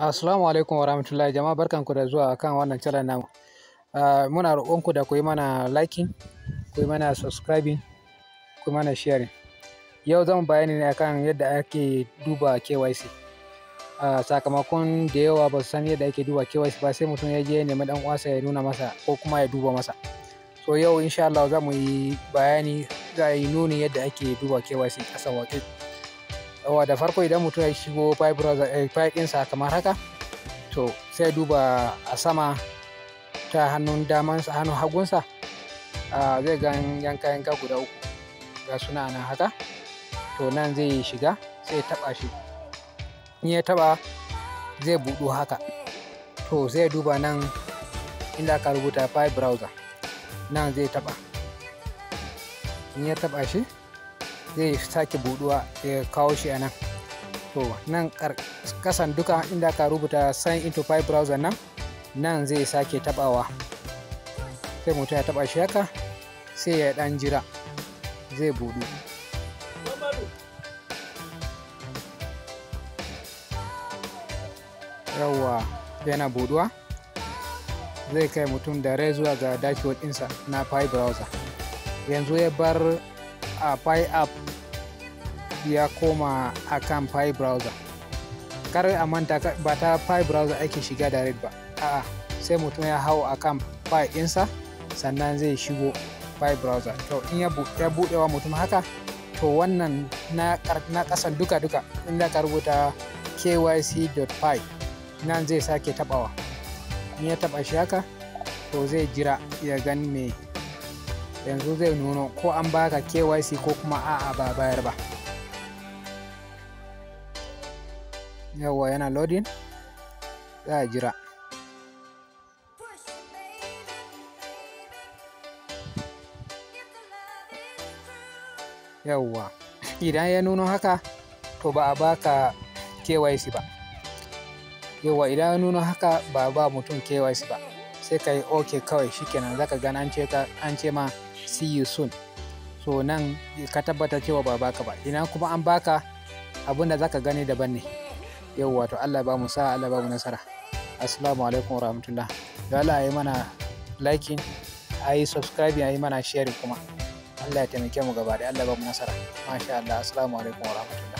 Assalamu alaikum wa rahmatullahi jama'a ku da zuwa kan wannan channel namu. Uh, muna ku da ku yi mana liking, ku yi mana subscribing, ku yi mana sharing. Yau zan bayani ne akan yadda ake duba KYC. Uh, ah, sakamakon da yawa ba su san yadda ake duba KYC ba sai mutum ya je ya nemi dan uwansa ya nuna masa ko kuma ya duba masa. So yau insha Allah za mu yi bayani za yi nuni yadda ake duba KYC a sawaƙe. wa da farko idan mutum ya shigo file eh, kamar haka to sai duba a sama ta hannun damansa hannun hagunsa zai gan yanka yanka guda uku ga suna nan haka to nan zai shiga sai taba shi in ya taba zai budu haka to zai duba nan inda aka rubuta file browser nan zai taba in ya taba shi zai sake buduwa ya kawo shi a nan to nan kasan duka inda ka rubuta sign into pi browser nan nan zai sake tabawa sai mutum ya taba shi haka sai ya dan jira zai budu yawa yana buduwa zai kai mutum da rai zuwa ga dashboard ɗinsa na pi browser yanzu ya bar a pi app ya koma akan pi browser kar a manta ba ta pi browser ake shiga direct ba a'a sai mutum ya hau akan pi insa sannan zai shigo pi browser to in ya buɗewa mutum haka to wannan na ƙasan duka-duka inda ka rubuta kyc.py nan zai sake tabawa in ya taba shi haka to zai jira ya gani mai yanzu zai nuno ko an baka kyc ko kuma a'a ba bayar ba yawa yana loading za a jira yawa idan ya nuno haka to ba a baka kyc ba yawa idan ya nuno haka ba ba mutum kyc ba sai ka yi ok kawai shikenan zaka gana an ce ma see you soon so nan ka tabbata cewa ba baka ba ina kuma an baka abin da zaka gani daban ne yau wato Allah ba mu sa Allah ba mu nasara assalamu alaikum warahmatullah da Allah yi mana liking ayi subscribe ayi mana sharing kuma Allah ya taimake mu gaba da Allah ba mu nasara masha Allah assalamu alaikum warahmatullah